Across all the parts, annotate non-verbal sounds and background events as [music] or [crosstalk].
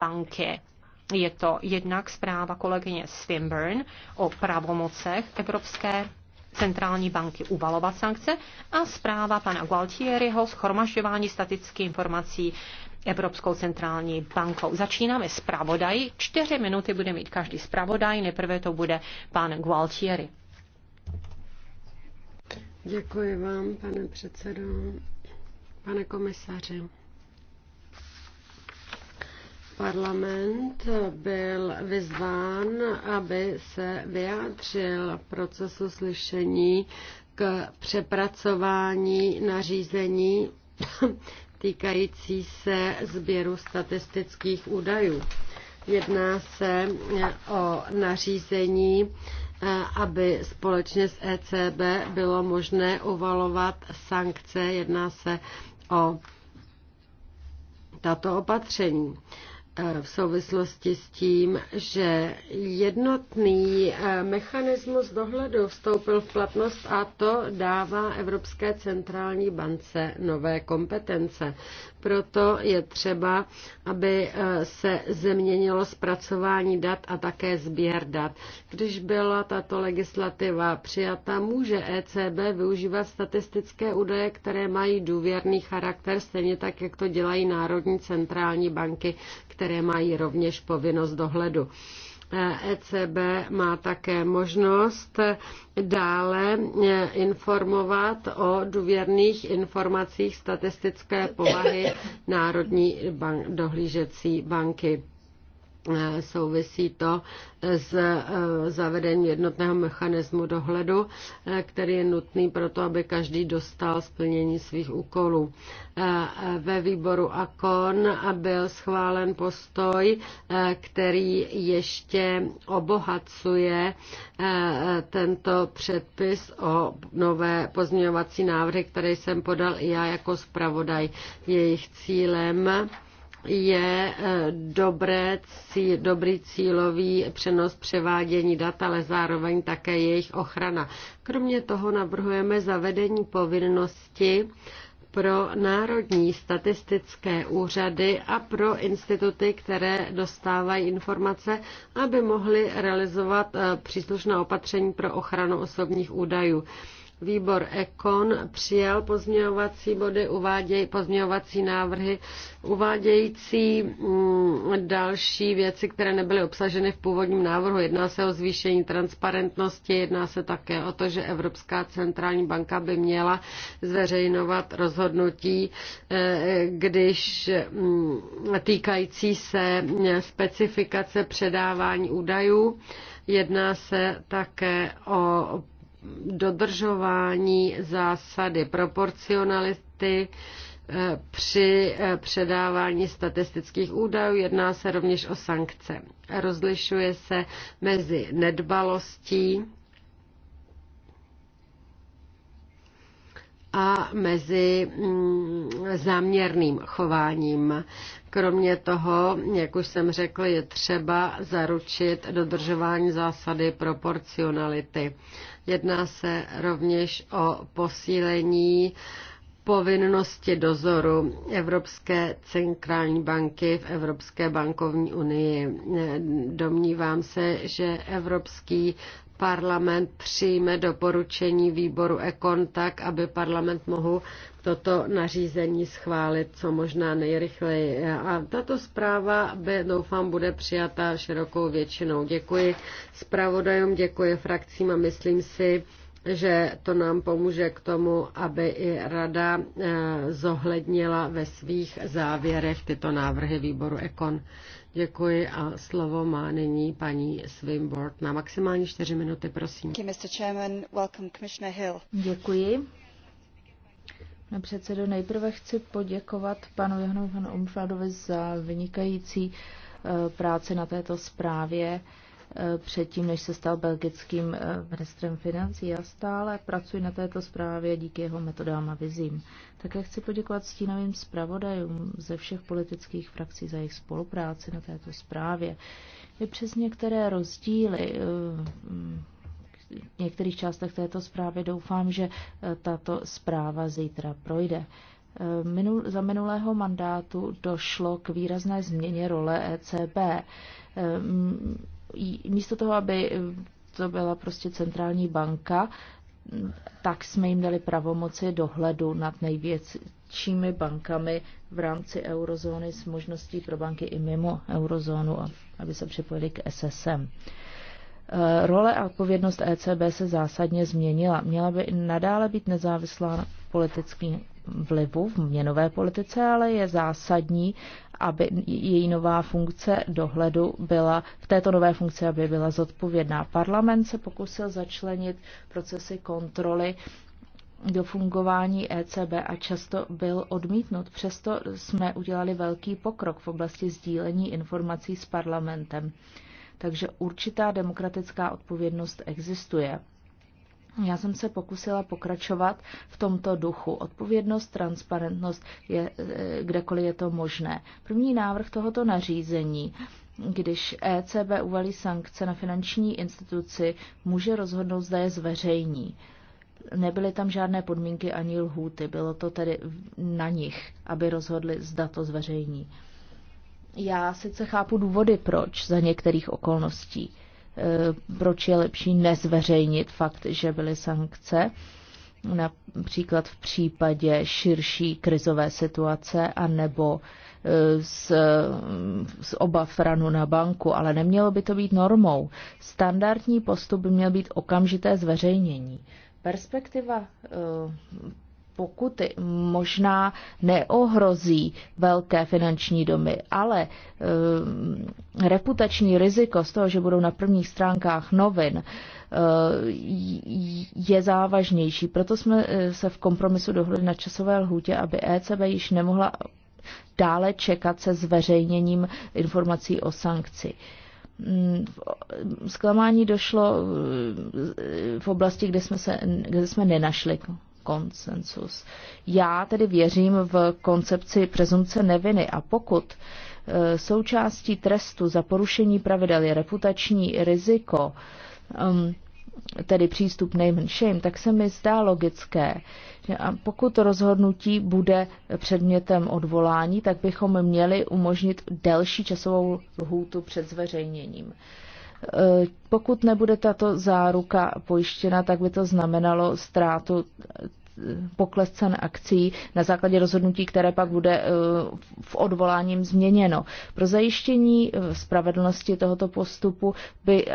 banky. Je to jednak zpráva kolegyně Swinburne o pravomocech Evropské centrální banky uvalovat sankce a zpráva pana Gualtieriho schromažďování statických informací Evropskou centrální bankou. Začínáme s pravodají. Čtyři minuty bude mít každý zpravodaj. Nejprve to bude pan Gualtieri. Děkuji vám, pane předsedo, pane komisaři. Parlament byl vyzván, aby se vyjádřil procesu slyšení k přepracování nařízení [coughs] týkající se sběru statistických údajů. Jedná se o nařízení, aby společně s ECB bylo možné uvalovat sankce. Jedná se o tato opatření v souvislosti s tím, že jednotný eh, mechanismus dohledu vstoupil v platnost a to dává Evropské centrální bance nové kompetence. Proto je třeba, aby eh, se změnilo zpracování dat a také sběr dat. Když byla tato legislativa přijata, může ECB využívat statistické údaje, které mají důvěrný charakter, stejně tak, jak to dělají národní centrální banky, které mají rovněž povinnost dohledu. ECB má také možnost dále eh, informovat o důvěrných informacích statistické povahy Národní bank, dohlížecí banky. Eh, souvisí to eh, s eh, zavedením jednotného mechanismu dohledu, který je nutný pro to, aby každý dostal splnění svých úkolů. Ve výboru AKON byl schválen postoj, který ještě obohacuje tento předpis o nové pozměňovací návrhy, které jsem podal i já jako zpravodaj. Jejich cílem je eh, dobré, cí, dobrý cílový přenos převádění dat, ale zároveň také jejich ochrana. Kromě toho navrhujeme zavedení povinnosti pro národní statistické úřady a pro instituty, které dostávají informace, aby mohly realizovat eh, příslušná opatření pro ochranu osobních údajů. Výbor Ekon přijal pozměňovací body, uváděj, pozměňovací návrhy, uvádějící mm, další věci, které nebyly obsaženy v původním návrhu. Jedná se o zvýšení transparentnosti, jedná se také o to, že Evropská centrální banka by měla zveřejnovat rozhodnutí, eh, když mm, týkající se specifikace předávání údajů. Jedná se také o dodržování zásady proporcionality eh, při eh, předávání statistických údajů. Jedná se rovněž o sankce. Rozlišuje se mezi nedbalostí a mezi mm, záměrným chováním. Kromě toho, jak už jsem řekl, je třeba zaručit dodržování zásady proporcionality. Jedná se rovněž o posílení povinnosti dozoru Evropské centrální banky v Evropské bankovní unii. Domnívám se, že Evropský parlament přijme doporučení výboru ECON tak, aby parlament mohl toto nařízení schválit co možná nejrychleji. A tato zpráva, by, doufám, bude přijata širokou většinou. Děkuji zpravodajům, děkuji frakcím a myslím si, že to nám pomůže k tomu, aby i rada eh, zohlednila ve svých závěrech tyto návrhy výboru ECON. Děkuji a slovo má nyní paní Swinboard na maximálně čtyři minuty, prosím. Děkuji. Pane předsedo, nejprve chci poděkovat panu Johnu Van Umfladovi za vynikající eh, práci na této zprávě. Eh, předtím, než se stal belgickým eh, ministrem financí. Já stále pracuji na této zprávě díky jeho metodám a vizím. Také chci poděkovat stínovým zpravodajům ze všech politických frakcí za jejich spolupráci na této zprávě. Je přes některé rozdíly eh, v některých částech této zprávy doufám, že tato zpráva zítra projde. Minul, za minulého mandátu došlo k výrazné změně role ECB místo toho, aby eh, to byla prostě centrální banka, tak jsme jim dali pravomoci dohledu nad největšími bankami v rámci eurozóny s možností pro banky i mimo eurozónu, aby se připojili k SSM. Eh, role a odpovědnost ECB se zásadně změnila. Měla by nadále být nezávislá politickým vlivu v měnové politice, ale je zásadní, aby její nová funkce dohledu byla, v této nové funkci, aby byla zodpovědná. Parlament se pokusil začlenit procesy kontroly do fungování ECB a často byl odmítnut. Přesto jsme udělali velký pokrok v oblasti sdílení informací s parlamentem. Takže určitá demokratická odpovědnost existuje. Já jsem se pokusila pokračovat v tomto duchu. Odpovědnost, transparentnost je eh, kdekoliv je to možné. První návrh tohoto nařízení, když ECB uvalí sankce na finanční instituci, může rozhodnout, zda je zveřejní. Nebyly tam žádné podmínky ani lhůty, bylo to tedy na nich, aby rozhodli, zda to zveřejní. Já sice chápu důvody, proč za některých okolností Eh, proč je lepší nezveřejnit fakt, že byly sankce, například v případě širší krizové situace a nebo eh, z, z obav ranu na banku, ale nemělo by to být normou. Standardní postup by měl být okamžité zveřejnění. Perspektiva eh, pokud možná neohrozí velké finanční domy, ale e, reputační riziko z toho, že budou na prvních stránkách novin, e, je závažnější. Proto jsme eh, se v kompromisu dohodli na časové lhůtě, aby ECB již nemohla dále čekat se zveřejněním informací o sankci. Mm, zklamání došlo v oblasti, kde jsme, se, kde jsme nenašli konsensus. Já tedy věřím v koncepci prezumce neviny a pokud e, součástí trestu za porušení pravidel je reputační riziko, tedy přístup name and shame, tak se mi zdá logické, že pokud rozhodnutí bude předmětem odvolání, tak bychom měli umožnit delší časovou lhůtu před zveřejněním. Eh, pokud nebude tato záruka pojištěna, tak by to znamenalo ztrátu eh, pokles cen akcí na základě rozhodnutí, které pak bude eh, v odvoláním změněno. Pro zajištění spravedlnosti tohoto postupu by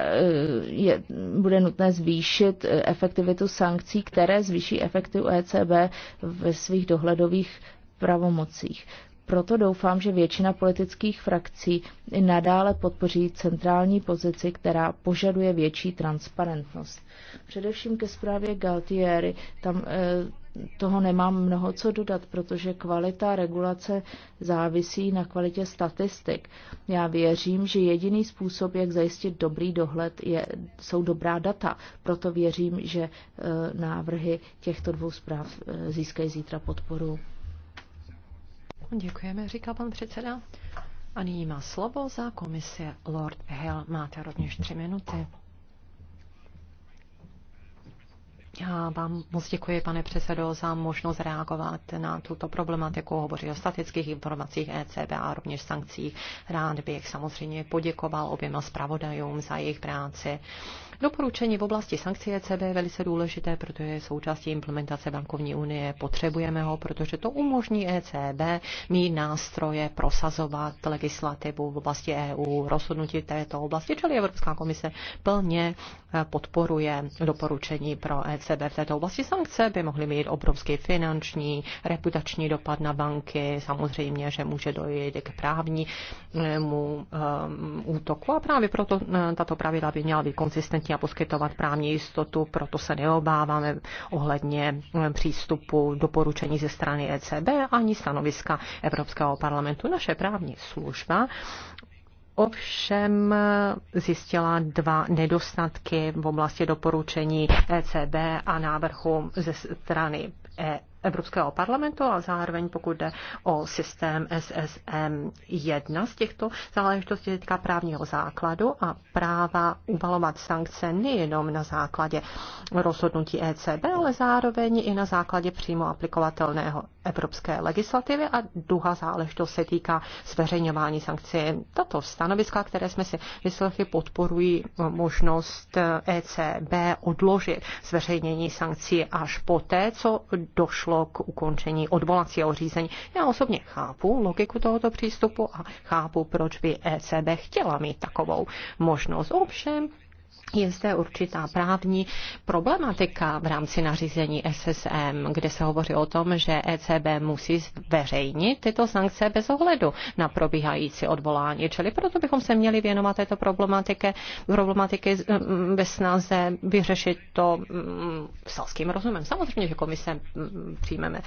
je, bude nutné zvýšit efektivitu sankcí, které zvýší efektivitu ECB ve svých dohledových pravomocích. Proto doufám, že většina politických frakcí i nadále podpoří centrální pozici, která požaduje větší transparentnost. Především ke zprávě Galtieri, tam eh, toho nemám mnoho co dodat, protože kvalita regulace závisí na kvalitě statistik. Já věřím, že jediný způsob, jak zajistit dobrý dohled, je, jsou dobrá data. Proto věřím, že eh, návrhy těchto dvou zpráv eh, získají zítra podporu. Děkujeme, říká pan předseda. A nyní má slovo za komise. Lord Hill. Máte rovněž tři minuty. Já vám moc děkuji, pane předsedo, za možnost reagovat na tuto problematiku. Hovoří o statických informacích ECB a rovněž sankcích. Rád bych samozřejmě poděkoval oběma zpravodajům za jejich práci Doporučení v oblasti sankcí ECB je velice důležité, protože je součástí implementace bankovní unie. Potřebujeme ho, protože to umožní ECB mít nástroje prosazovat legislativu v oblasti EU, rozhodnutí této oblasti, čili Evropská komise plně eh, podporuje doporučení pro ECB v této oblasti. Sankce by mohly mít obrovský finanční, reputační dopad na banky, samozřejmě, že může dojít k právnímu um, útoku a právě proto eh, tato pravidla by měla být konsistentní a poskytovat právní jistotu, proto se neobáváme ohledně eh, přístupu doporučení ze strany ECB ani stanoviska Evropského parlamentu. Naše právní služba ovšem eh, zjistila dva nedostatky v oblasti doporučení ECB a návrhu ze strany e Evropského parlamentu a zároveň pokud jde o systém SSM. Jedna z těchto záležitostí se týká právního základu a práva uvalovat sankce nejenom na základě rozhodnutí ECB, ale zároveň i na základě přímo aplikovatelného evropské legislativy a druhá záležitost se týká zveřejňování sankcí. Tato stanoviska, které jsme si vyslechli, podporují možnost ECB odložit zveřejnění sankcí až poté, co došlo došlo k ukončení odvolacího řízení. Já osobně chápu logiku tohoto přístupu a chápu, proč by ECB chtěla mít takovou možnost. Ovšem, je zde určitá právní problematika v rámci nařízení SSM, kde se hovoří o tom, že ECB musí zveřejnit tyto sankce bez ohledu na probíhající odvolání. Čili proto bychom se měli věnovat této problematiky, problematiky mm, ve snaze vyřešit to mm, selským rozumem. Samozřejmě, že komise mm, přijmeme,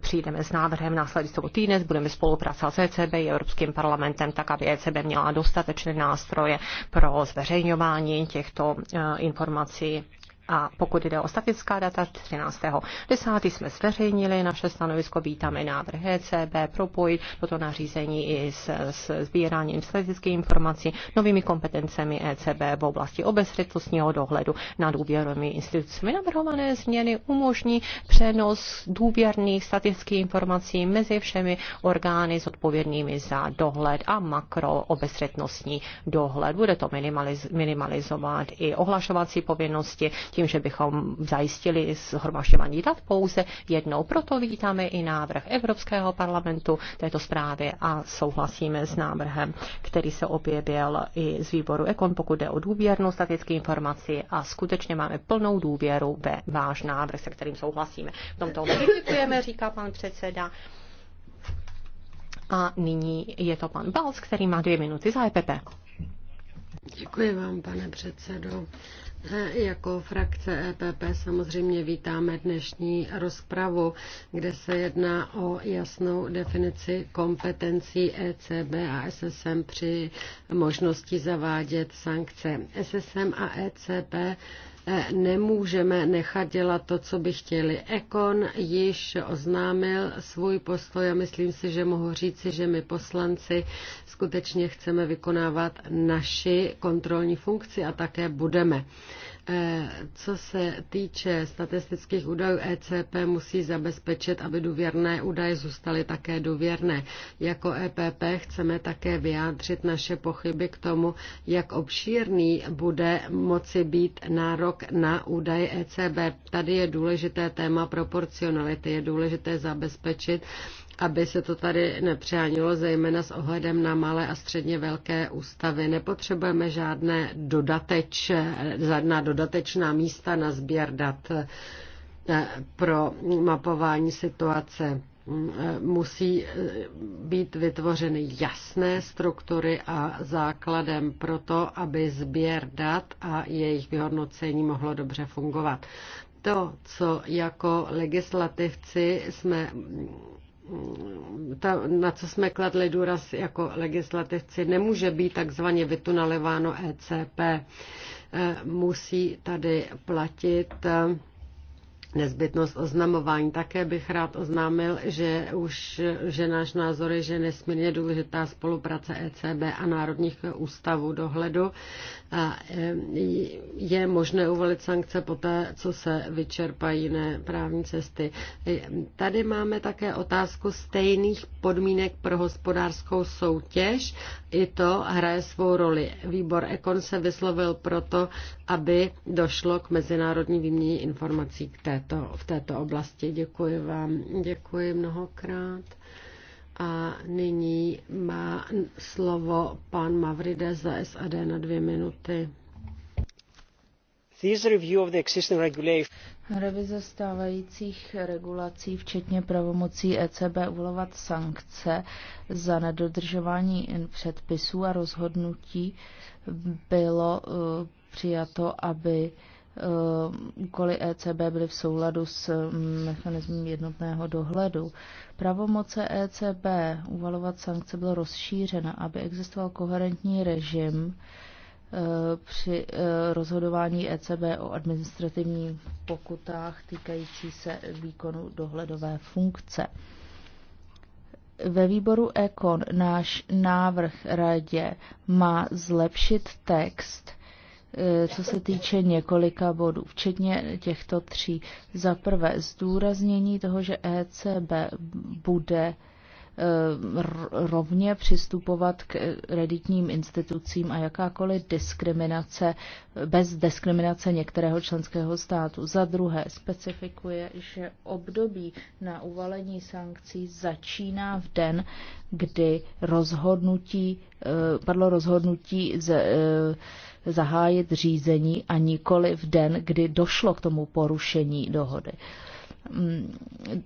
přijdeme s návrhem následujícího týdne, budeme spolupracovat s ECB i Evropským parlamentem, tak aby ECB měla dostatečné nástroje pro zveřejňování těch těchto eh, informací a pokud jde o statická data, 13. 10. jsme zveřejnili naše stanovisko, vítáme návrh ECB, propojit toto nařízení i s, s sbíráním statistických informací, novými kompetencemi ECB v oblasti obezřetnostního dohledu nad důvěrovými institucemi. Navrhované změny umožní přenos důvěrných statistických informací mezi všemi orgány zodpovědnými za dohled a obezřetnostní dohled. Bude to minimaliz, minimalizovat i ohlašovací povinnosti tím, že bychom zajistili zhromažďování dat pouze jednou. Proto vítáme i návrh Evropského parlamentu této zprávy a souhlasíme s návrhem, který se objevil i z výboru Ekon, pokud jde o důvěrnou statické informaci a skutečně máme plnou důvěru ve váš návrh, se kterým souhlasíme. V tomto děkujeme, říká pan předseda. A nyní je to pan Bals, který má dvě minuty za EPP. Děkuji vám, pane předsedo. E, jako frakce EPP samozřejmě vítáme dnešní rozpravu, kde se jedná o jasnou definici kompetencí ECB a SSM při možnosti zavádět sankce. SSM a ECB nemůžeme nechat dělat to, co by chtěli. Ekon již oznámil svůj postoj a myslím si, že mohu říci, že my poslanci skutečně chceme vykonávat naši kontrolní funkci a také budeme. E, co se týče statistických údajů, ECP musí zabezpečit, aby důvěrné údaje zůstaly také důvěrné. Jako EPP chceme také vyjádřit naše pochyby k tomu, jak obšírný bude moci být nárok na údaje ECB. Tady je důležité téma proporcionality. Je důležité zabezpečit, aby se to tady nepřánilo, zejména s ohledem na malé a středně velké ústavy. Nepotřebujeme žádné dodateč, žádná dodatečná místa na sběr dat eh, pro mapování situace. Mm, eh, musí eh, být vytvořeny jasné struktury a základem pro to, aby sběr dat a jejich vyhodnocení mohlo dobře fungovat. To, co jako legislativci jsme ta, na co jsme kladli důraz jako legislativci, nemůže být takzvaně vytunalováno ECP. Eh, musí tady platit eh, nezbytnost oznamování. Také bych rád oznámil, že už že náš názor je, že nesmírně důležitá spolupráce ECB a Národních ústavů dohledu a eh, je možné uvolit sankce poté, co se vyčerpají jiné právní cesty. Eh, tady máme také otázku stejných podmínek pro hospodářskou soutěž. I to hraje svou roli. Výbor Ekon se vyslovil proto, aby došlo k mezinárodní výměně informací k této, v této oblasti. Děkuji vám. Děkuji mnohokrát. A nyní má slovo pan Mavride za SAD na dvě minuty. Revize stávajících regulací, včetně pravomocí ECB uvolovat sankce za nedodržování předpisů a rozhodnutí, bylo eh, přijato, aby Eh, úkoly ECB byly v souladu s mm, mechanismem jednotného dohledu. Pravomoce ECB uvalovat sankce byla rozšířena, aby existoval koherentní režim eh, při eh, rozhodování ECB o administrativních pokutách týkající se výkonu dohledové funkce. Ve výboru Ekon náš návrh radě má zlepšit text Eh, co se týče několika bodů, včetně těchto tří. Za prvé zdůraznění toho, že ECB bude eh, rovně přistupovat k kreditním institucím a jakákoliv diskriminace bez diskriminace některého členského státu. Za druhé specifikuje, že období na uvalení sankcí začíná v den, kdy rozhodnutí, eh, padlo rozhodnutí ze zahájit řízení a nikoli v den, kdy došlo k tomu porušení dohody. Mm,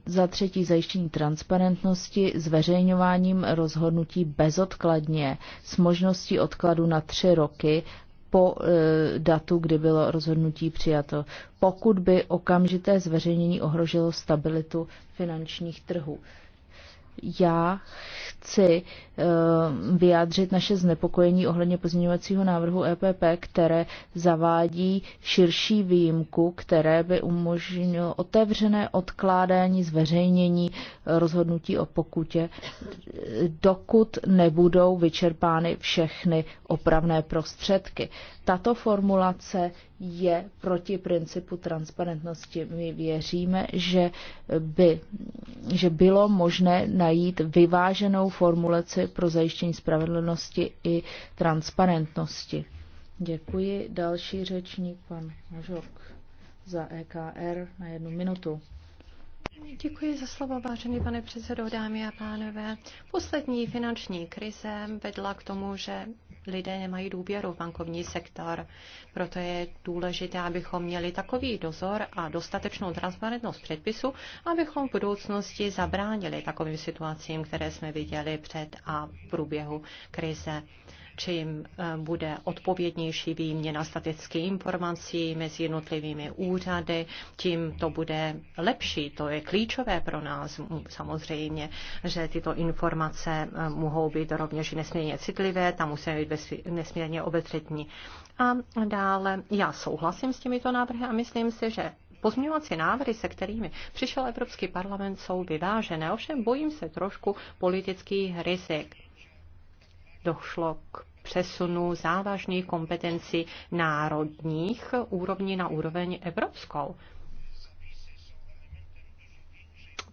za třetí zajištění transparentnosti zveřejňováním rozhodnutí bezodkladně s možností odkladu na tři roky po e, datu, kdy bylo rozhodnutí přijato, pokud by okamžité zveřejnění ohrožilo stabilitu finančních trhů já chci eh, vyjádřit naše znepokojení ohledně pozměňovacího návrhu EPP, které zavádí širší výjimku, které by umožnilo otevřené odkládání zveřejnění rozhodnutí o pokutě, dokud nebudou vyčerpány všechny opravné prostředky tato formulace je proti principu transparentnosti. My věříme, že by že bylo možné najít vyváženou formulaci pro zajištění spravedlnosti i transparentnosti. Děkuji. Další řečník, pan Mažok, za EKR na jednu minutu. Děkuji za slovo, vážený pane předsedo, dámy a pánové. Poslední finanční krize vedla k tomu, že lidé nemají důvěru v bankovní sektor. Proto je důležité, abychom měli takový dozor a dostatečnou transparentnost předpisu, abychom v budoucnosti zabránili takovým situacím, které jsme viděli před a v průběhu krize čím eh, bude odpovědnější výměna statických informací mezi jednotlivými úřady, tím to bude lepší. To je klíčové pro nás samozřejmě, že tyto informace eh, mohou být rovněž nesmírně citlivé, tam musíme být nesmírně obezřetní. A dále já souhlasím s těmito návrhy a myslím si, že Pozměňovací návrhy, se kterými přišel Evropský parlament, jsou vyvážené, ovšem bojím se trošku politických rizik. Došlo k přesunu závažných kompetencí národních úrovní na úroveň evropskou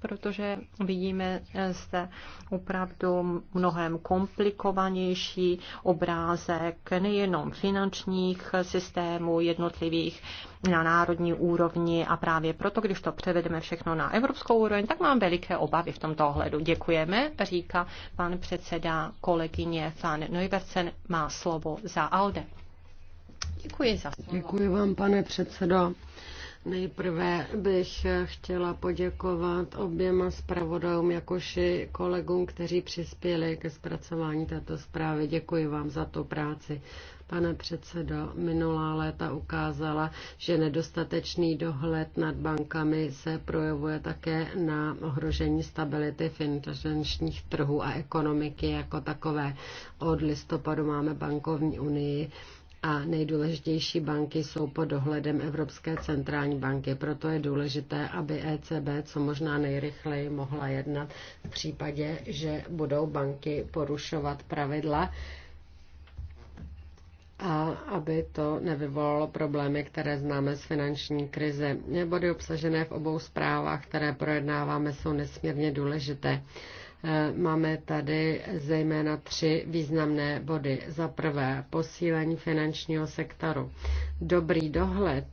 protože vidíme eh, zde opravdu mnohem komplikovanější obrázek nejenom finančních systémů jednotlivých na národní úrovni a právě proto, když to převedeme všechno na evropskou úroveň, tak mám veliké obavy v tomto ohledu. Děkujeme, říká pan předseda kolegyně Fan Neuversen, má slovo za ALDE. Děkuji za slovo. Děkuji vám, pane předsedo. Nejprve bych chtěla poděkovat oběma zpravodajům, jakož i kolegům, kteří přispěli ke zpracování této zprávy. Děkuji vám za tu práci. Pane předsedo, minulá léta ukázala, že nedostatečný dohled nad bankami se projevuje také na ohrožení stability finančních trhů a ekonomiky jako takové. Od listopadu máme bankovní unii a nejdůležitější banky jsou pod dohledem Evropské centrální banky. Proto je důležité, aby ECB co možná nejrychleji mohla jednat v případě, že budou banky porušovat pravidla a aby to nevyvolalo problémy, které známe z finanční krize. Body obsažené v obou zprávách, které projednáváme, jsou nesmírně důležité. Eh, máme tady zejména tři významné body. Za prvé posílení finančního sektoru. Dobrý dohled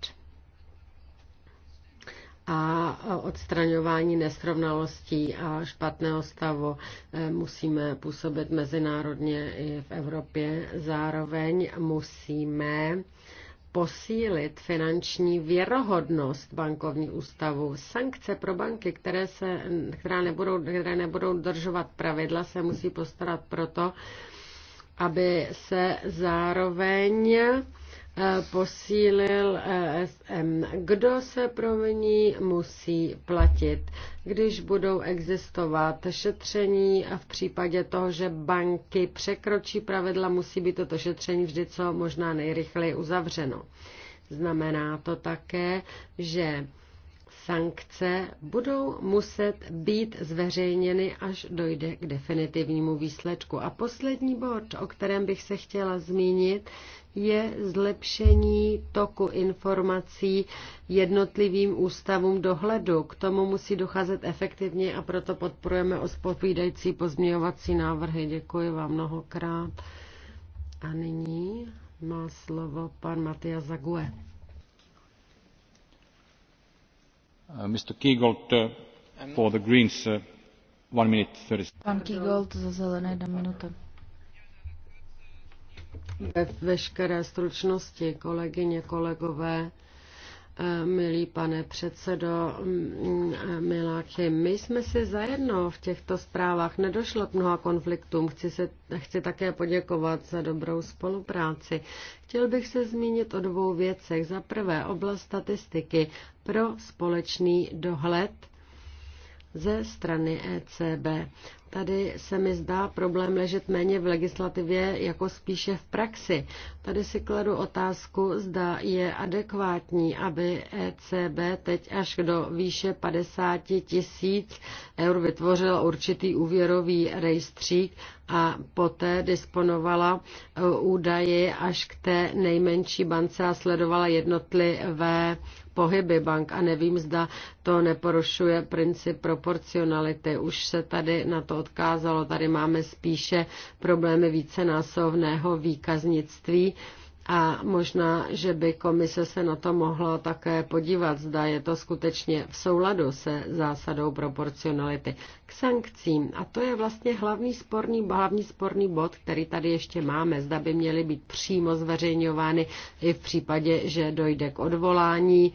a odstraňování nesrovnalostí a špatného stavu eh, musíme působit mezinárodně i v Evropě. Zároveň musíme posílit finanční věrohodnost bankovní ústavů. Sankce pro banky, které, se, která nebudou, které nebudou dodržovat pravidla, se musí postarat proto, aby se zároveň posílil eh, SM. Kdo se promění, musí platit. Když budou existovat šetření a v případě toho, že banky překročí pravidla, musí být toto šetření vždy co možná nejrychleji uzavřeno. Znamená to také, že sankce budou muset být zveřejněny, až dojde k definitivnímu výsledku. A poslední bod, o kterém bych se chtěla zmínit, je zlepšení toku informací jednotlivým ústavům dohledu. K tomu musí docházet efektivně a proto podporujeme odpovídající pozměňovací návrhy. Děkuji vám mnohokrát. A nyní má slovo pan Matias Zague. Uh, uh, uh, Pan Kiegold za zelené Ve veškeré stručnosti, kolegyně, kolegové, Eh, milý pane předsedo, mm, eh, Miláky, my jsme si zajedno v těchto zprávách. Nedošlo k mnoha konfliktům. Chci, se, chci také poděkovat za dobrou spolupráci. Chtěl bych se zmínit o dvou věcech. Za prvé oblast statistiky pro společný dohled ze strany ECB. Tady se mi zdá problém ležet méně v legislativě jako spíše v praxi. Tady si kladu otázku, zda je adekvátní, aby ECB teď až do výše 50 tisíc eur vytvořila určitý úvěrový rejstřík a poté disponovala e, údaji až k té nejmenší bance a sledovala jednotlivé pohyby bank a nevím, zda to neporušuje princip proporcionality. Už se tady na to odkázalo, tady máme spíše problémy vícenásobného výkaznictví. Uh, a možná, že by komise se na to mohla také podívat, zda je to skutečně v souladu se zásadou proporcionality k sankcím. A to je vlastně hlavní sporný, hlavní sporný bod, který tady ještě máme. Zda by měly být přímo zveřejňovány i v případě, že dojde k odvolání.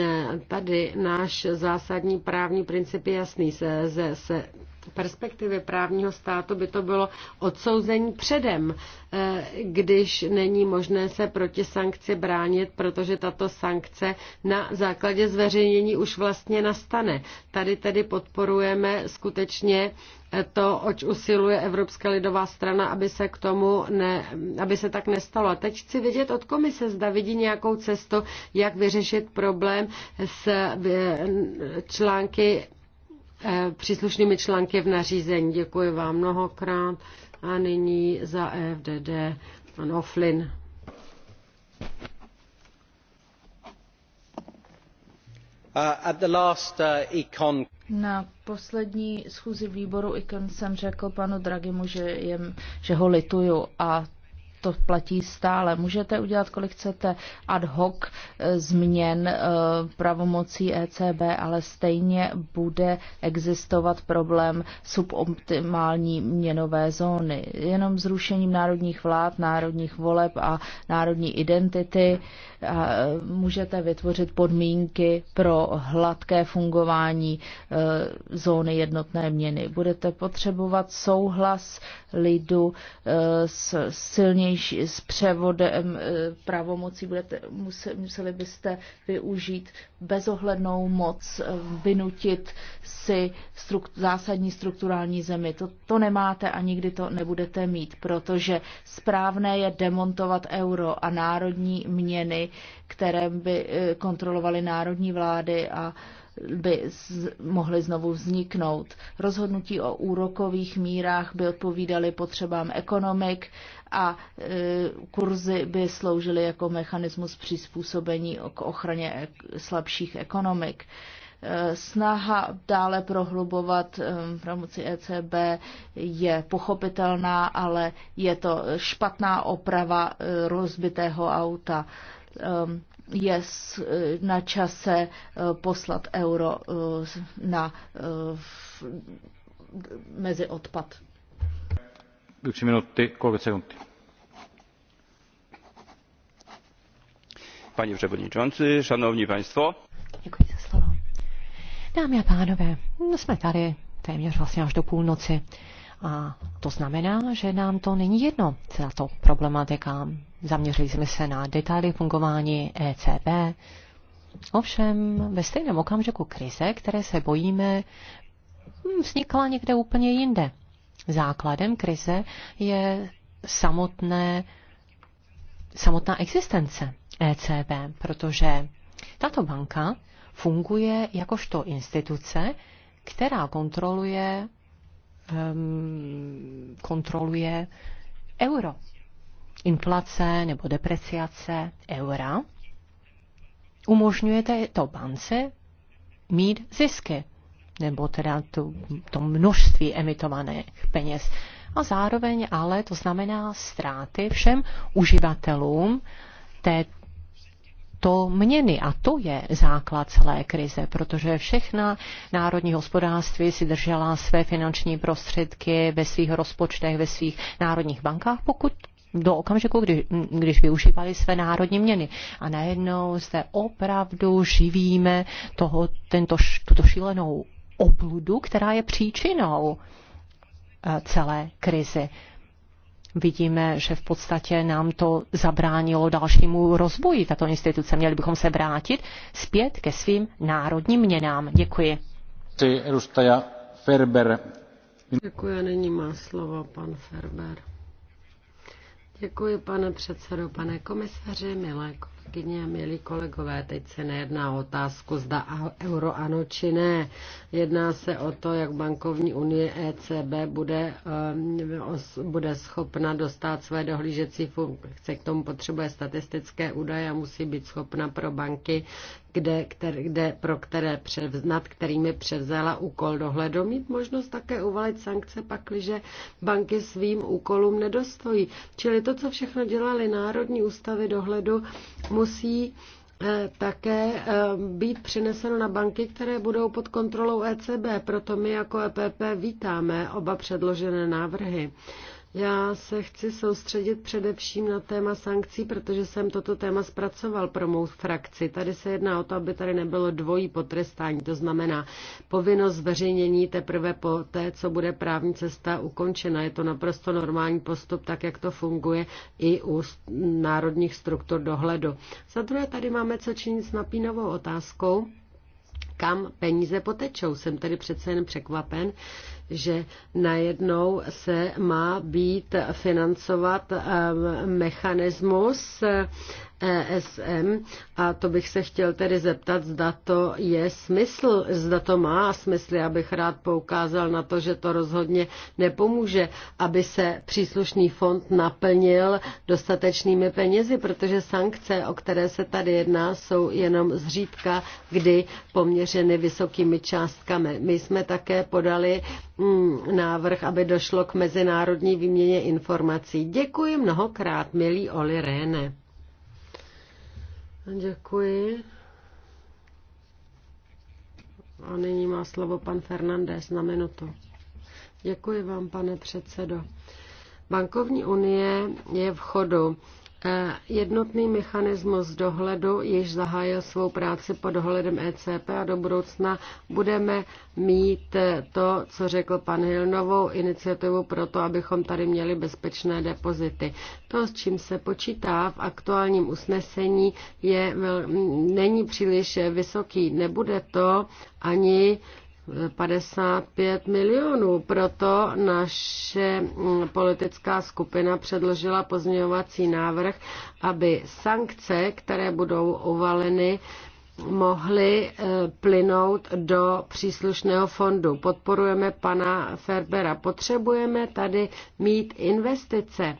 Eh, tady náš zásadní právní princip je jasný. Se, se, se perspektivy právního státu by to bylo odsouzení předem, eh, když není možné se proti sankci bránit, protože tato sankce na základě zveřejnění už vlastně nastane. Tady tedy podporujeme skutečně eh, to, oč usiluje Evropská lidová strana, aby se k tomu ne, aby se tak nestalo. A teď chci vidět od komise, zda vidí nějakou cestu, jak vyřešit problém s eh, články Eh, příslušnými články v nařízení. Děkuji vám mnohokrát a nyní za EFDD pan Oflin. Uh, uh, Na poslední schůzi výboru ICON jsem řekl panu Dragimu, že, je, že ho lituju a to platí stále. Můžete udělat, kolik chcete ad hoc eh, změn eh, pravomocí ECB, ale stejně bude existovat problém suboptimální měnové zóny. Jenom zrušením národních vlád, národních voleb a národní identity eh, můžete vytvořit podmínky pro hladké fungování zóny jednotné měny. Budete potřebovat souhlas lidu s silnější než s převodem eh, pravomocí, budete, museli byste využít bezohlednou moc, eh, vynutit si strukt, zásadní strukturální zemi. To, to nemáte a nikdy to nebudete mít, protože správné je demontovat euro a národní měny, které by eh, kontrolovaly národní vlády a by z, mohly znovu vzniknout. Rozhodnutí o úrokových mírách by odpovídaly potřebám ekonomik a e, kurzy by sloužily jako mechanismus přizpůsobení k ochraně slabších ekonomik. E, snaha dále prohlubovat e, v rámci ECB je pochopitelná, ale je to špatná oprava rozbitého auta je na čase poslat euro na mezi odpad panie przewodniczący! szanowni państwo! dámy a pánové jsme tady téměř vlastně až do půlnoci a to znamená že nám to není jedno tato problematika zaměřili jsme se na detaily fungování ecb ovšem ve stejném okamžiku krize které se bojíme vznikla někde úplně jinde Základem krize je samotné, samotná existence ECB, protože tato banka funguje jakožto instituce, která kontroluje, um, kontroluje euro. Inflace nebo depreciace eura umožňuje této bance mít zisky nebo teda tu, to množství emitovaných peněz. A zároveň ale to znamená ztráty všem uživatelům té, to měny. A to je základ celé krize, protože všechna národní hospodářství si držela své finanční prostředky ve svých rozpočtech, ve svých národních bankách, pokud do okamžiku, kdy, když využívali své národní měny. A najednou zde opravdu živíme toho, tento, tuto šílenou obludu, která je příčinou eh, celé krizi. Vidíme, že v podstatě nám to zabránilo dalšímu rozvoji tato instituce. Měli bychom se vrátit zpět ke svým národním měnám. Děkuji. Ferber. Děkuji, není má slovo pan Ferber. Děkuji, pane předsedo, pane komisaři, milé předsedkyně a milí kolegové, teď se nejedná o otázku, zda euro ano či ne. Jedná se o to, jak bankovní unie ECB bude, eh, bude schopna dostat své dohlížecí funkce. K tomu potřebuje statistické údaje a musí být schopna pro banky kde, kter, kde, pro které převz, nad kterými převzala úkol dohledu, mít možnost také uvalit sankce, pakliže banky svým úkolům nedostojí. Čili to, co všechno dělali národní ústavy dohledu, musí musí eh, také eh, být přeneseno na banky, které budou pod kontrolou ECB. Proto my jako EPP vítáme oba předložené návrhy. Já se chci soustředit především na téma sankcí, protože jsem toto téma zpracoval pro mou frakci. Tady se jedná o to, aby tady nebylo dvojí potrestání, to znamená povinnost zveřejnění teprve po té, co bude právní cesta ukončena. Je to naprosto normální postup, tak jak to funguje i u národních struktur dohledu. Za druhé tady máme co činit s napínovou otázkou kam peníze potečou. Jsem tedy přece jen překvapen, že najednou se má být financovat ehm, mechanismus ESM eh, e a to bych se chtěl tedy zeptat, zda to je smysl, zda to má smysl. Já bych rád poukázal na to, že to rozhodně nepomůže, aby se příslušný fond naplnil dostatečnými penězi, protože sankce, o které se tady jedná, jsou jenom zřídka, kdy poměřeny vysokými částkami. My jsme také podali Mm, návrh, aby došlo k mezinárodní výměně informací. Děkuji mnohokrát, milý Oli Réne. Děkuji. A nyní má slovo pan Fernandez na minutu. Děkuji vám, pane předsedo. Bankovní unie je v chodu. Jednotný mechanismus dohledu již zahájil svou práci pod dohledem ECP a do budoucna budeme mít to, co řekl pan Hill, novou iniciativu pro to, abychom tady měli bezpečné depozity. To, s čím se počítá v aktuálním usnesení, je, není příliš vysoký. Nebude to ani 55 milionů. Proto naše mm, politická skupina předložila pozměňovací návrh, aby sankce, které budou uvaleny, mohly eh, plynout do příslušného fondu. Podporujeme pana Ferbera. Potřebujeme tady mít investice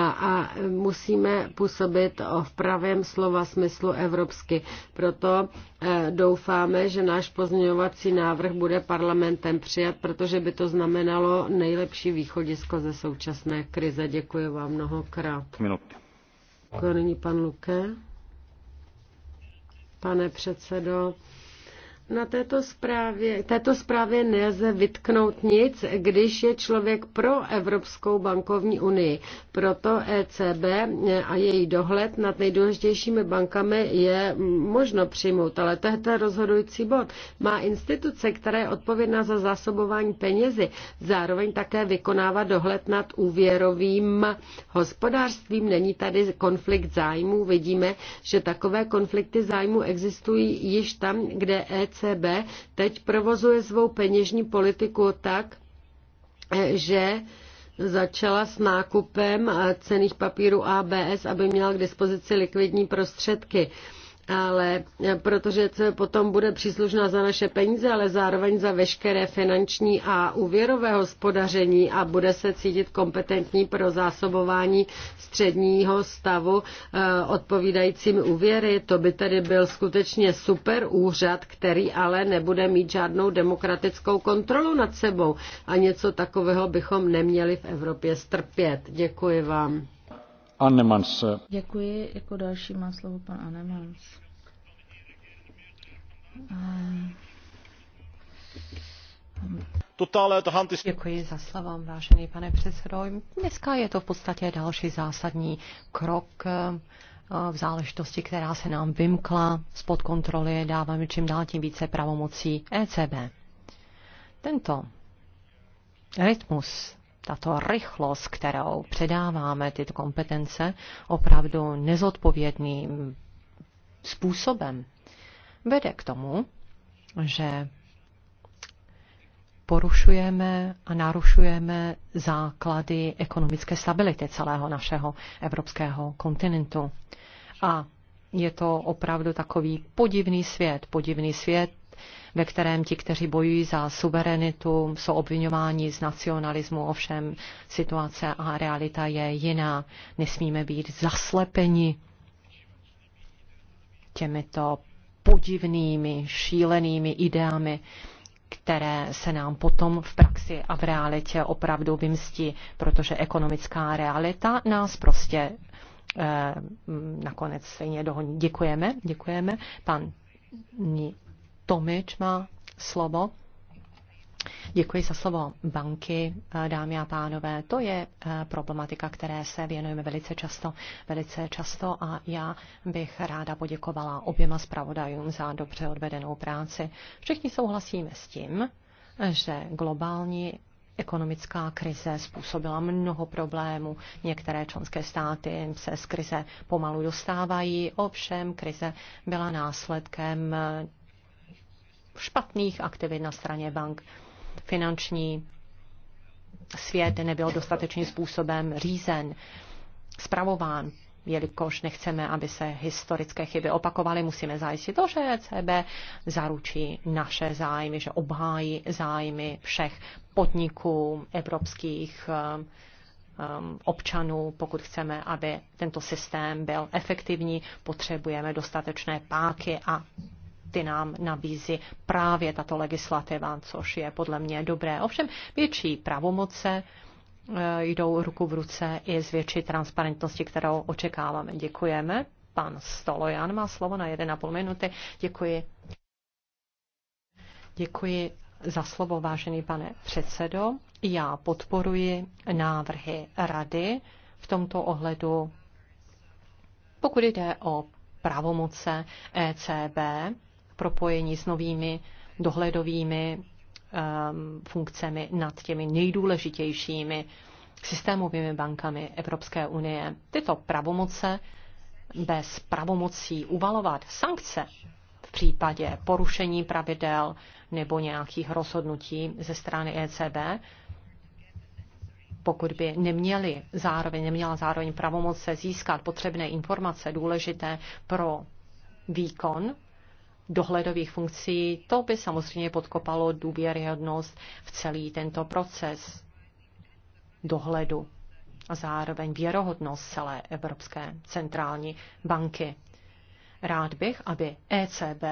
a musíme působit v pravém slova smyslu evropsky. Proto eh, doufáme, že náš pozměňovací návrh bude parlamentem přijat, protože by to znamenalo nejlepší východisko ze současné krize. Děkuji vám mnohokrát. Minuty. To jako není pan Luke pane předsedo. Na této zprávě, této zprávě nelze vytknout nic, když je člověk pro Evropskou bankovní unii. Proto ECB a její dohled nad nejdůležitějšími bankami je možno přijmout, ale to je ten rozhodující bod. Má instituce, která je odpovědná za zásobování penězi, zároveň také vykonává dohled nad úvěrovým hospodářstvím. Není tady konflikt zájmů. Vidíme, že takové konflikty zájmů existují již tam, kde ECB ECB teď provozuje svou peněžní politiku tak, že začala s nákupem cených papírů ABS, aby měla k dispozici likvidní prostředky ale eh, protože potom bude příslušná za naše peníze, ale zároveň za veškeré finanční a úvěrové hospodaření a bude se cítit kompetentní pro zásobování středního stavu eh, odpovídajícím úvěry. To by tedy byl skutečně super úřad, který ale nebude mít žádnou demokratickou kontrolu nad sebou. A něco takového bychom neměli v Evropě strpět. Děkuji vám. Annemans. Děkuji. Jako další má slovo pan Annemans. Děkuji za slovo, vážený pane předsedo. Dneska je to v podstatě další zásadní krok eh, v záležitosti, která se nám vymkla spod kontroly, dáváme čím dál tím více pravomocí ECB. Tento rytmus, tato rychlost, kterou předáváme tyto kompetence, opravdu nezodpovědným způsobem vede k tomu, že porušujeme a narušujeme základy ekonomické stability celého našeho evropského kontinentu. A je to opravdu takový podivný svět, podivný svět, ve kterém ti, kteří bojují za suverenitu, jsou obvinováni z nacionalismu, ovšem situace a realita je jiná. Nesmíme být zaslepeni těmito podivnými, šílenými ideami, které se nám potom v praxi a v realitě opravdu vymstí, protože ekonomická realita nás prostě eh, nakonec stejně dohoní. Děkujeme, děkujeme. Pan Tomič má slovo. Děkuji za slovo. Banky, dámy a pánové, to je eh, problematika, které se věnujeme velice často. Velice často a já bych ráda poděkovala oběma zpravodajům za dobře odvedenou práci. Všichni souhlasíme s tím, že globální ekonomická krize způsobila mnoho problémů. Některé členské státy se z krize pomalu dostávají, ovšem krize byla následkem špatných aktivit na straně bank finanční svět nebyl dostatečným způsobem řízen, spravován, jelikož nechceme, aby se historické chyby opakovaly, musíme zajistit to, že ECB zaručí naše zájmy, že obhájí zájmy všech podniků evropských um, um, občanů, pokud chceme, aby tento systém byl efektivní, potřebujeme dostatečné páky a ty nám nabízí právě tato legislativa, což je podle mě dobré. Ovšem větší pravomoce e, jdou ruku v ruce i z větší transparentnosti, kterou očekáváme. Děkujeme. Pan Stolojan má slovo na 1,5 minuty. Děkuji. Děkuji za slovo, vážený pane předsedo. Já podporuji návrhy rady v tomto ohledu. Pokud jde o pravomoce ECB, propojení s novými dohledovými um, funkcemi nad těmi nejdůležitějšími systémovými bankami Evropské unie. Tyto pravomoce bez pravomocí uvalovat sankce v případě porušení pravidel nebo nějakých rozhodnutí ze strany ECB, pokud by neměli zároveň, neměla zároveň pravomoce získat potřebné informace důležité pro výkon dohledových funkcí, to by samozřejmě podkopalo důvěryhodnost v celý tento proces dohledu a zároveň věrohodnost celé Evropské centrální banky. Rád bych, aby ECB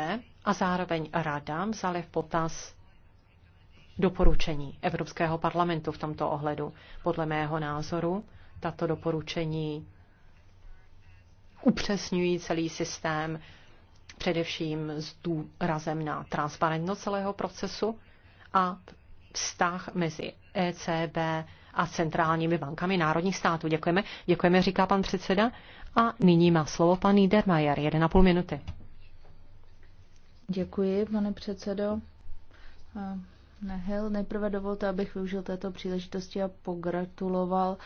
a zároveň Rada vzali v potaz doporučení Evropského parlamentu v tomto ohledu. Podle mého názoru tato doporučení upřesňují celý systém především s důrazem na transparentnost celého procesu a vztah mezi ECB a centrálními bankami národních států. Děkujeme, děkujeme, říká pan předseda. A nyní má slovo pan Niedermayer, půl minuty. Děkuji, pane předsedo. Nehel, nejprve dovolte, abych využil této příležitosti a pogratuloval uh,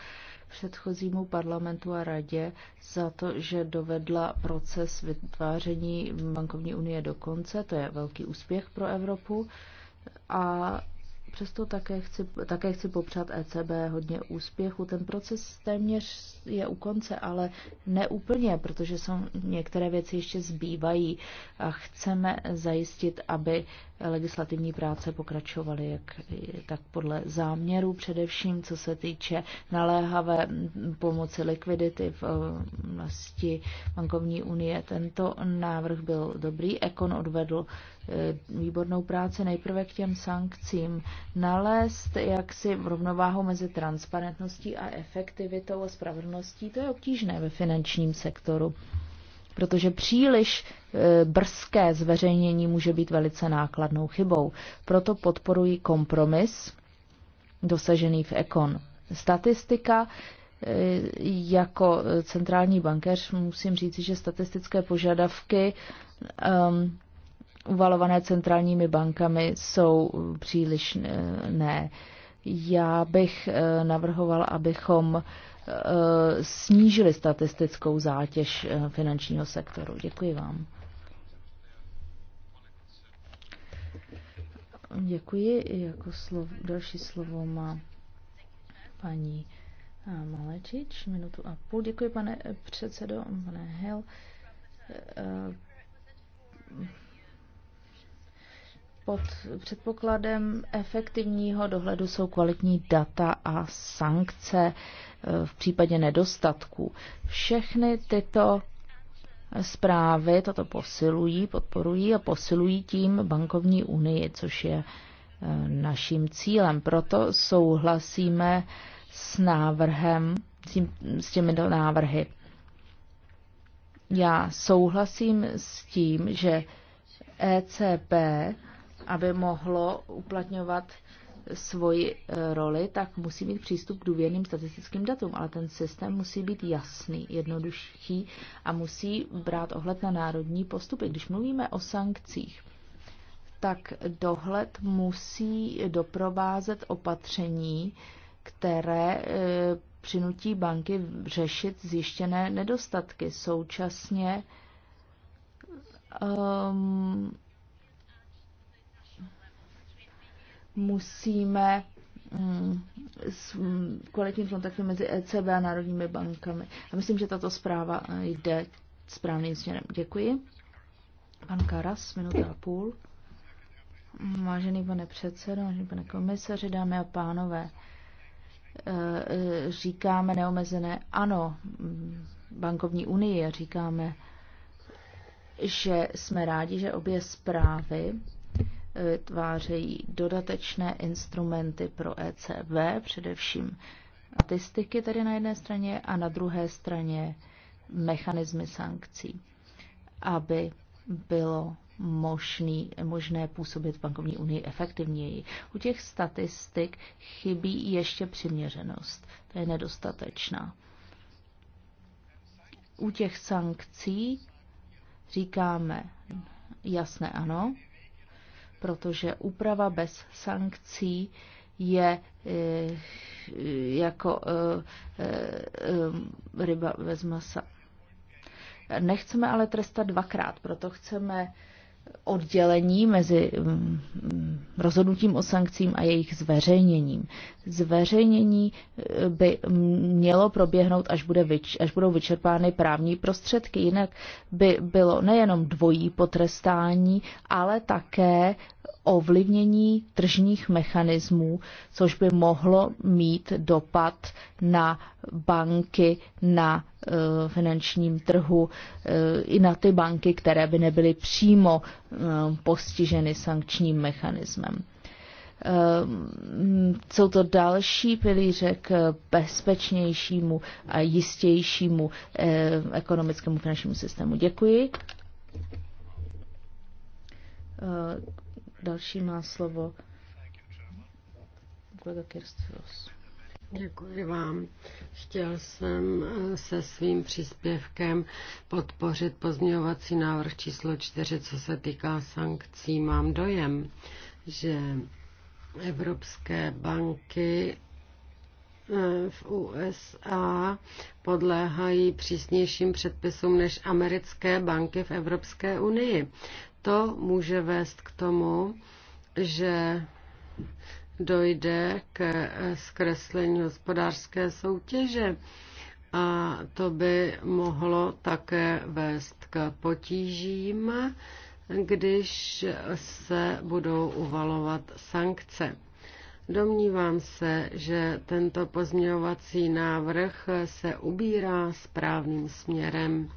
předchozímu parlamentu a radě za to, že dovedla proces vytváření bankovní unie do konce. To je velký úspěch pro Evropu. A přesto také chci, také chci popřát ECB hodně úspěchu. Ten proces téměř je u konce, ale ne úplně, protože jsou některé věci ještě zbývají a chceme zajistit, aby legislativní práce pokračovaly jak, tak podle záměru, především co se týče naléhavé pomoci likvidity v eh, vlasti bankovní unie. Tento návrh byl dobrý, Ekon odvedl eh, výbornou práci nejprve k těm sankcím. Nalézt jaksi rovnováhu mezi transparentností a efektivitou a spravedlností, to je obtížné ve finančním sektoru protože příliš e, brzké zveřejnění může být velice nákladnou chybou. Proto podporuji kompromis dosažený v ECON. Statistika e, jako e, centrální bankéř musím říct, že statistické požadavky um, uvalované centrálními bankami jsou příliš ne. Já bych navrhoval, abychom Eh, snížili statistickou zátěž eh, finančního sektoru. Děkuji vám. Děkuji. Jako slovo, další slovo má paní eh, Malečič, minutu a půl. Děkuji, pane předsedo, pane Hill. Pod předpokladem efektivního dohledu jsou kvalitní data a sankce v případě nedostatků. Všechny tyto zprávy toto posilují, podporují a posilují tím bankovní unii, což je e, naším cílem. Proto souhlasíme s návrhem, s těmito návrhy. Já souhlasím s tím, že ECB, aby mohlo uplatňovat svoji eh, roli, tak musí mít přístup k důvěrným statistickým datům, ale ten systém musí být jasný, jednoduchý a musí brát ohled na národní postupy. Když mluvíme o sankcích, tak dohled musí doprovázet opatření, které eh, přinutí banky řešit zjištěné nedostatky. Současně um, musíme mm, s mm, kvalitním kontaktem mezi ECB a národními bankami. A myslím, že tato zpráva jde správným směrem. Děkuji. Pan Karas, minuta a půl. Vážený pane předsedo, vážený pane komisaři, dámy a pánové, e, e, říkáme neomezené ano bankovní unii a říkáme, že jsme rádi, že obě zprávy vytvářejí dodatečné instrumenty pro ECV především statistiky tedy na jedné straně a na druhé straně mechanismy sankcí, aby bylo možný, možné působit v bankovní unii efektivněji. U těch statistik chybí ještě přiměřenost. To je nedostatečná. U těch sankcí říkáme jasné ano, protože úprava bez sankcí je eh, jako eh, eh, ryba bez masa. Nechceme ale trestat dvakrát, proto chceme oddělení mezi mm, mm, rozhodnutím o sankcím a jejich zveřejněním. Zveřejnění eh, by mělo proběhnout, až, bude vyč, až budou vyčerpány právní prostředky, jinak by bylo nejenom dvojí potrestání, ale také ovlivnění tržních mechanismů, což by mohlo mít dopad na banky, na e, finančním trhu, e, i na ty banky, které by nebyly přímo e, postiženy sankčním mechanismem. Jsou to další pilíře k bezpečnějšímu a jistějšímu ekonomickému finančnímu systému. Děkuji Další má slovo kolega Děkuji vám. Chtěl jsem eh, se svým příspěvkem podpořit pozměňovací návrh číslo 4, co se týká sankcí. Mám dojem, že evropské banky Eh, v USA podléhají přísnějším předpisům než americké banky v Evropské unii. To může vést k tomu, že dojde k eh, zkreslení hospodářské soutěže a to by mohlo také vést k potížím, když se budou uvalovat sankce. Domnívám se, že tento pozměňovací návrh se ubírá správným směrem,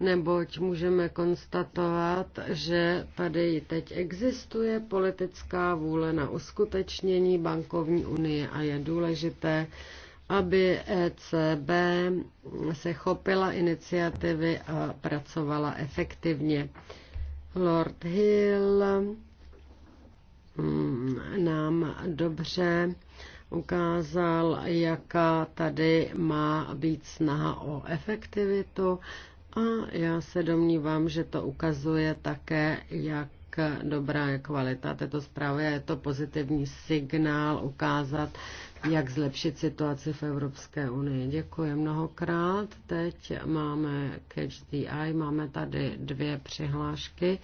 neboť můžeme konstatovat, že tady teď existuje politická vůle na uskutečnění bankovní unie a je důležité, aby ECB se chopila iniciativy a pracovala efektivně. Lord Hill Mm, nám dobře ukázal, jaká tady má být snaha o efektivitu a já se domnívám, že to ukazuje také, jak dobrá je kvalita této zprávy a je to pozitivní signál ukázat, jak zlepšit situaci v Evropské unii. Děkuji mnohokrát. Teď máme Catch the Eye, máme tady dvě přihlášky.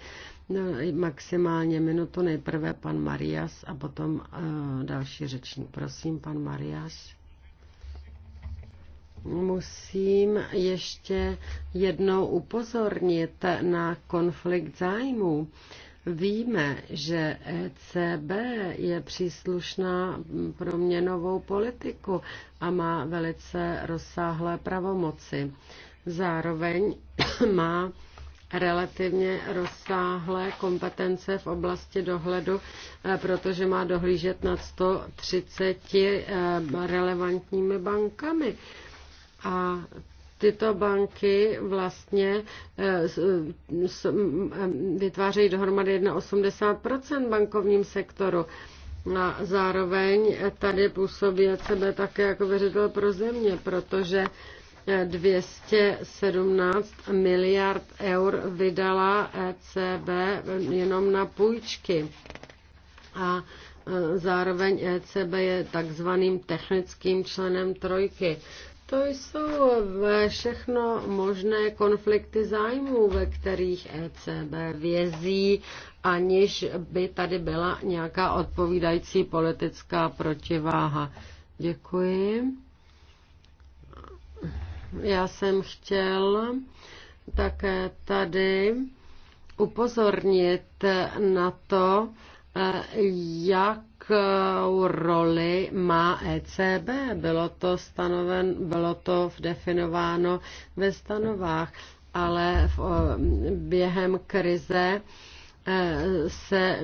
Maximálně minutu nejprve pan Marias a potom uh, další řečník. Prosím, pan Marias. Musím ještě jednou upozornit na konflikt zájmů. Uh, Víme, že ECB je příslušná pro měnovou politiku a má velice rozsáhlé pravomoci. Zároveň [coughs] má relativně rozsáhlé kompetence v oblasti dohledu, eh, protože má dohlížet nad 130 eh, relevantními bankami. A tyto banky vlastně eh, vytvářejí dohromady 81% bankovním sektoru. A zároveň tady působí sebe také jako věřitel pro země, protože 217 eh, miliard eur vydala ECB jenom na půjčky. A eh, zároveň ECB je takzvaným technickým členem trojky. To jsou eh, všechno možné konflikty zájmů, ve kterých ECB vězí, aniž by tady byla nějaká odpovídající politická protiváha. Děkuji. Já jsem chtěl také tady upozornit na to, jakou roli má ECB. Bylo to, stanoven, bylo to definováno ve stanovách, ale v, během krize se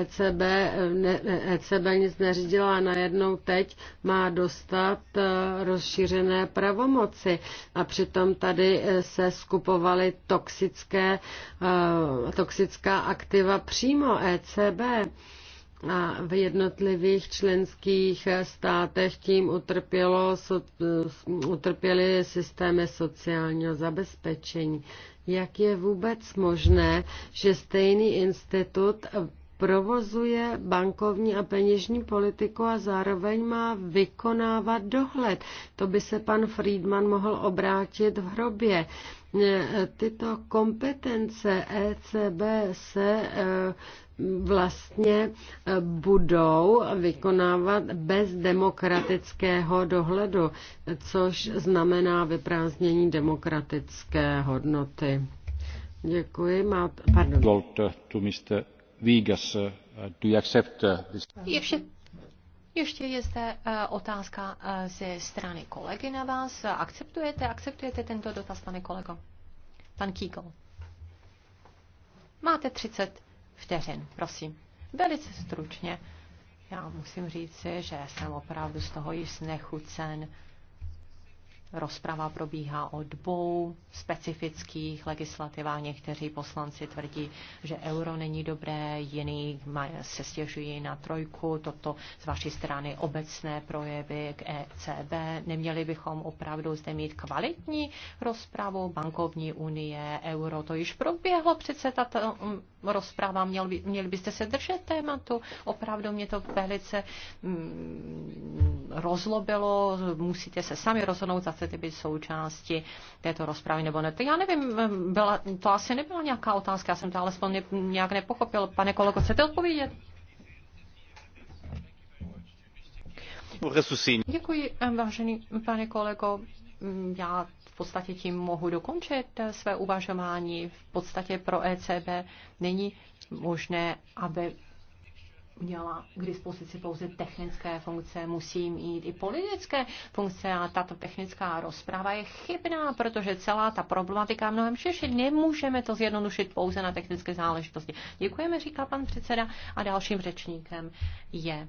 ECB, eh, e ECB e nic neřídila a najednou teď má dostat eh, rozšířené pravomoci. A přitom tady eh, se skupovaly toxické, toxická aktiva přímo ECB a v jednotlivých členských státech tím utrpělo, utrpěly systémy sociálního zabezpečení. Jak je vůbec možné, že stejný institut provozuje bankovní a peněžní politiku a zároveň má vykonávat dohled. To by se pan Friedman mohl obrátit v hrobě. E, tyto kompetence ECB se vlastně eh, budou vykonávat bez demokratického dohledu, což znamená vyprázdnění demokratické hodnoty. Děkuji. Má, pardon. To Mr. Vigas, do you accept eh, this? Ještě, ještě je zde eh, otázka ze strany kolegy na vás. Akceptujete, akceptujete tento dotaz, pane kolego? Pan Kýkol. Máte 30 vteřin. Prosím, velice stručně. Já musím říci, že jsem opravdu z toho již znechucen. Rozprava probíhá o dvou specifických legislativách. Někteří poslanci tvrdí, že euro není dobré, jiní se stěžují na trojku. Toto z vaší strany obecné projevy k ECB. Neměli bychom opravdu zde mít kvalitní rozpravu bankovní unie, euro. To již proběhlo přece tato rozpráva, měl by, měli byste se držet tématu. Opravdu mě to velice mm, rozlobilo. Musíte se sami rozhodnout, zda chcete být součástí této rozpravy nebo ne. já nevím, byla, to asi nebyla nějaká otázka, já jsem to alespoň ne, nějak nepochopil. Pane kolego, chcete odpovědět? Děkuji, vážený pane kolego. Mm, já podstatě tím mohu dokončit eh, své uvažování. V podstatě pro ECB není možné, aby měla k dispozici pouze technické funkce, musí mít i politické funkce a tato technická rozprava je chybná, protože celá ta problematika mnohem širší. Nemůžeme to zjednodušit pouze na technické záležitosti. Děkujeme, říká pan předseda a dalším řečníkem je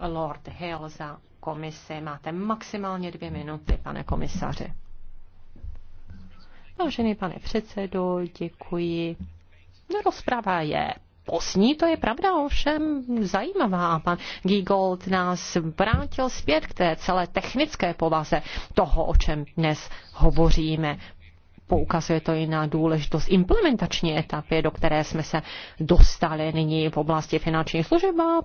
Lord Hill za komisi. Máte maximálně dvě minuty, pane komisaři. Vážený pane předsedo, děkuji. No, Rozprava je pozdní, to je pravda, ovšem zajímavá. Pan Gigold nás vrátil zpět k té celé technické povaze toho, o čem dnes hovoříme. Poukazuje to i na důležitost implementační etapy, do které jsme se dostali nyní v oblasti finančních služeb a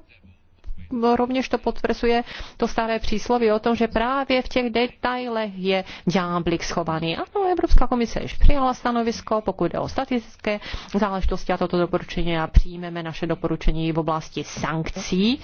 rovněž to potvrzuje to staré přísloví o tom, že právě v těch detailech je dňáblik schovaný. Ano, Evropská komise již přijala stanovisko, pokud jde o statistické záležitosti a toto doporučení a přijmeme naše doporučení v oblasti sankcí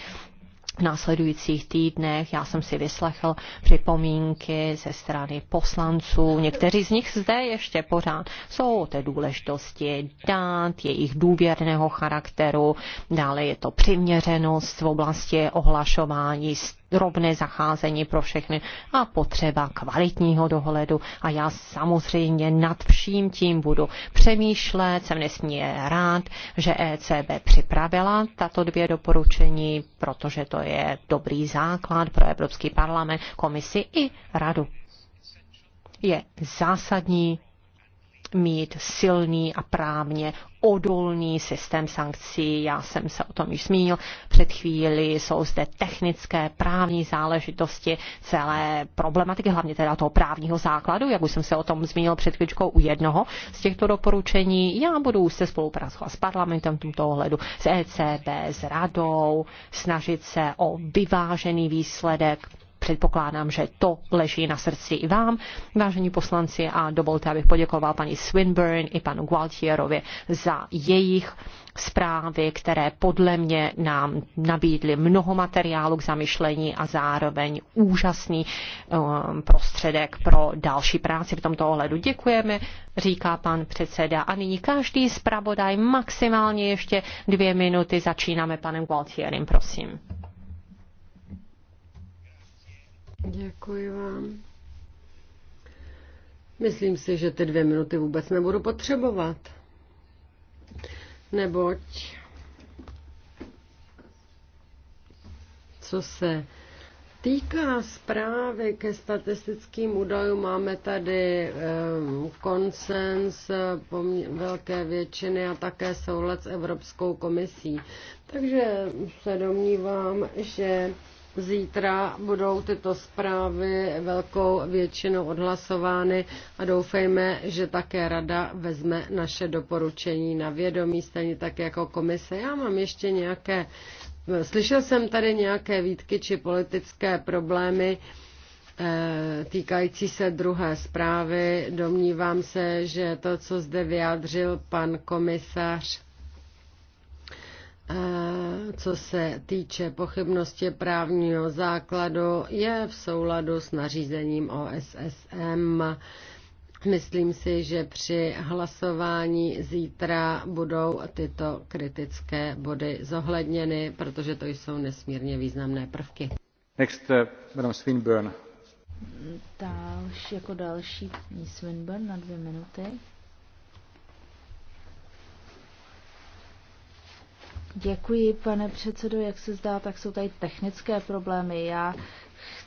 v následujících týdnech. Já jsem si vyslechl připomínky ze strany poslanců. Někteří z nich zde ještě pořád jsou o té důležitosti dát, jejich důvěrného charakteru. Dále je to přiměřenost v oblasti ohlašování rovné zacházení pro všechny a potřeba kvalitního dohledu. A já samozřejmě nad vším tím budu přemýšlet. Jsem nesmírně rád, že ECB připravila tato dvě doporučení, protože to je dobrý základ pro Evropský parlament, komisi i radu. Je zásadní mít silný a právně odolný systém sankcí. Já jsem se o tom již zmínil před chvíli. Jsou zde technické, právní záležitosti celé problematiky, hlavně teda toho právního základu, jak už jsem se o tom zmínil před chvíličkou u jednoho z těchto doporučení. Já budu se spolupracovat s parlamentem v tomto ohledu, s ECB, s radou, snažit se o vyvážený výsledek předpokládám, že to leží na srdci i vám, vážení poslanci, a dovolte, abych poděkoval paní Swinburne i panu Gualtierovi za jejich zprávy, které podle mě nám nabídly mnoho materiálu k zamyšlení a zároveň úžasný um, prostředek pro další práci v tomto ohledu. Děkujeme, říká pan předseda. A nyní každý zpravodaj maximálně ještě dvě minuty. Začínáme panem Gualtierem, prosím. Děkuji vám. Myslím si, že ty dvě minuty vůbec nebudu potřebovat. Neboť co se týká zprávy ke statistickým údajům, máme tady um, konsens velké většiny a také soulad s Evropskou komisí. Takže se domnívám, že Zítra budou tyto zprávy velkou většinou odhlasovány a doufejme, že také Rada vezme naše doporučení na vědomí, stejně tak jako komise. Já mám ještě nějaké, slyšel jsem tady nějaké výtky či politické problémy eh, týkající se druhé zprávy. Domnívám se, že to, co zde vyjádřil pan komisař, co se týče pochybnosti právního základu, je v souladu s nařízením OSSM. Myslím si, že při hlasování zítra budou tyto kritické body zohledněny, protože to jsou nesmírně významné prvky. Next, uh, Swinburne. Další, jako další Swinburne na dvě minuty. Děkuji, pane předsedo. Jak se zdá, tak jsou tady technické problémy. Já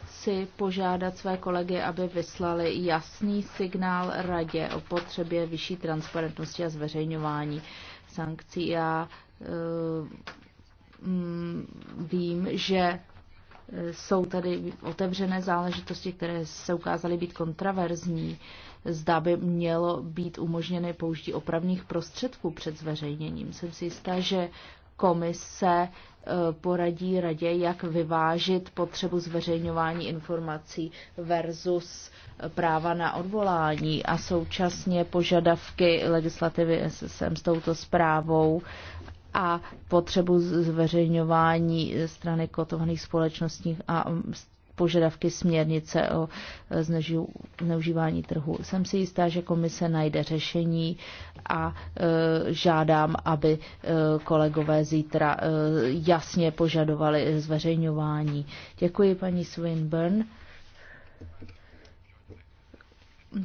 chci požádat své kolegy, aby vyslali jasný signál radě o potřebě vyšší transparentnosti a zveřejňování sankcí. Já eh, mm, vím, že eh, jsou tady otevřené záležitosti, které se ukázaly být kontraverzní. Zda by mělo být umožněné použití opravných prostředků před zveřejněním. Jsem si jistá, že komise eh, poradí radě, jak vyvážit potřebu zveřejňování informací versus eh, práva na odvolání a současně požadavky legislativy SSM s touto zprávou a potřebu zveřejňování strany kotovaných společností a mm, požadavky směrnice o e, zneužívání trhu. Jsem si jistá, že komise najde řešení a e, žádám, aby e, kolegové zítra jasně požadovali zveřejňování. Děkuji paní Swinburne.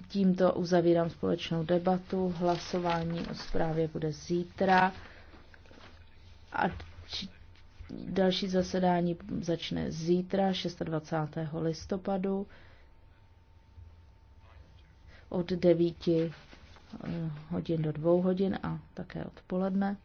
Tímto uzavírám společnou debatu. Hlasování o zprávě bude zítra. A Další zasedání začne zítra, 26. listopadu od 9 eh, hodin do 2 hodin a také odpoledne.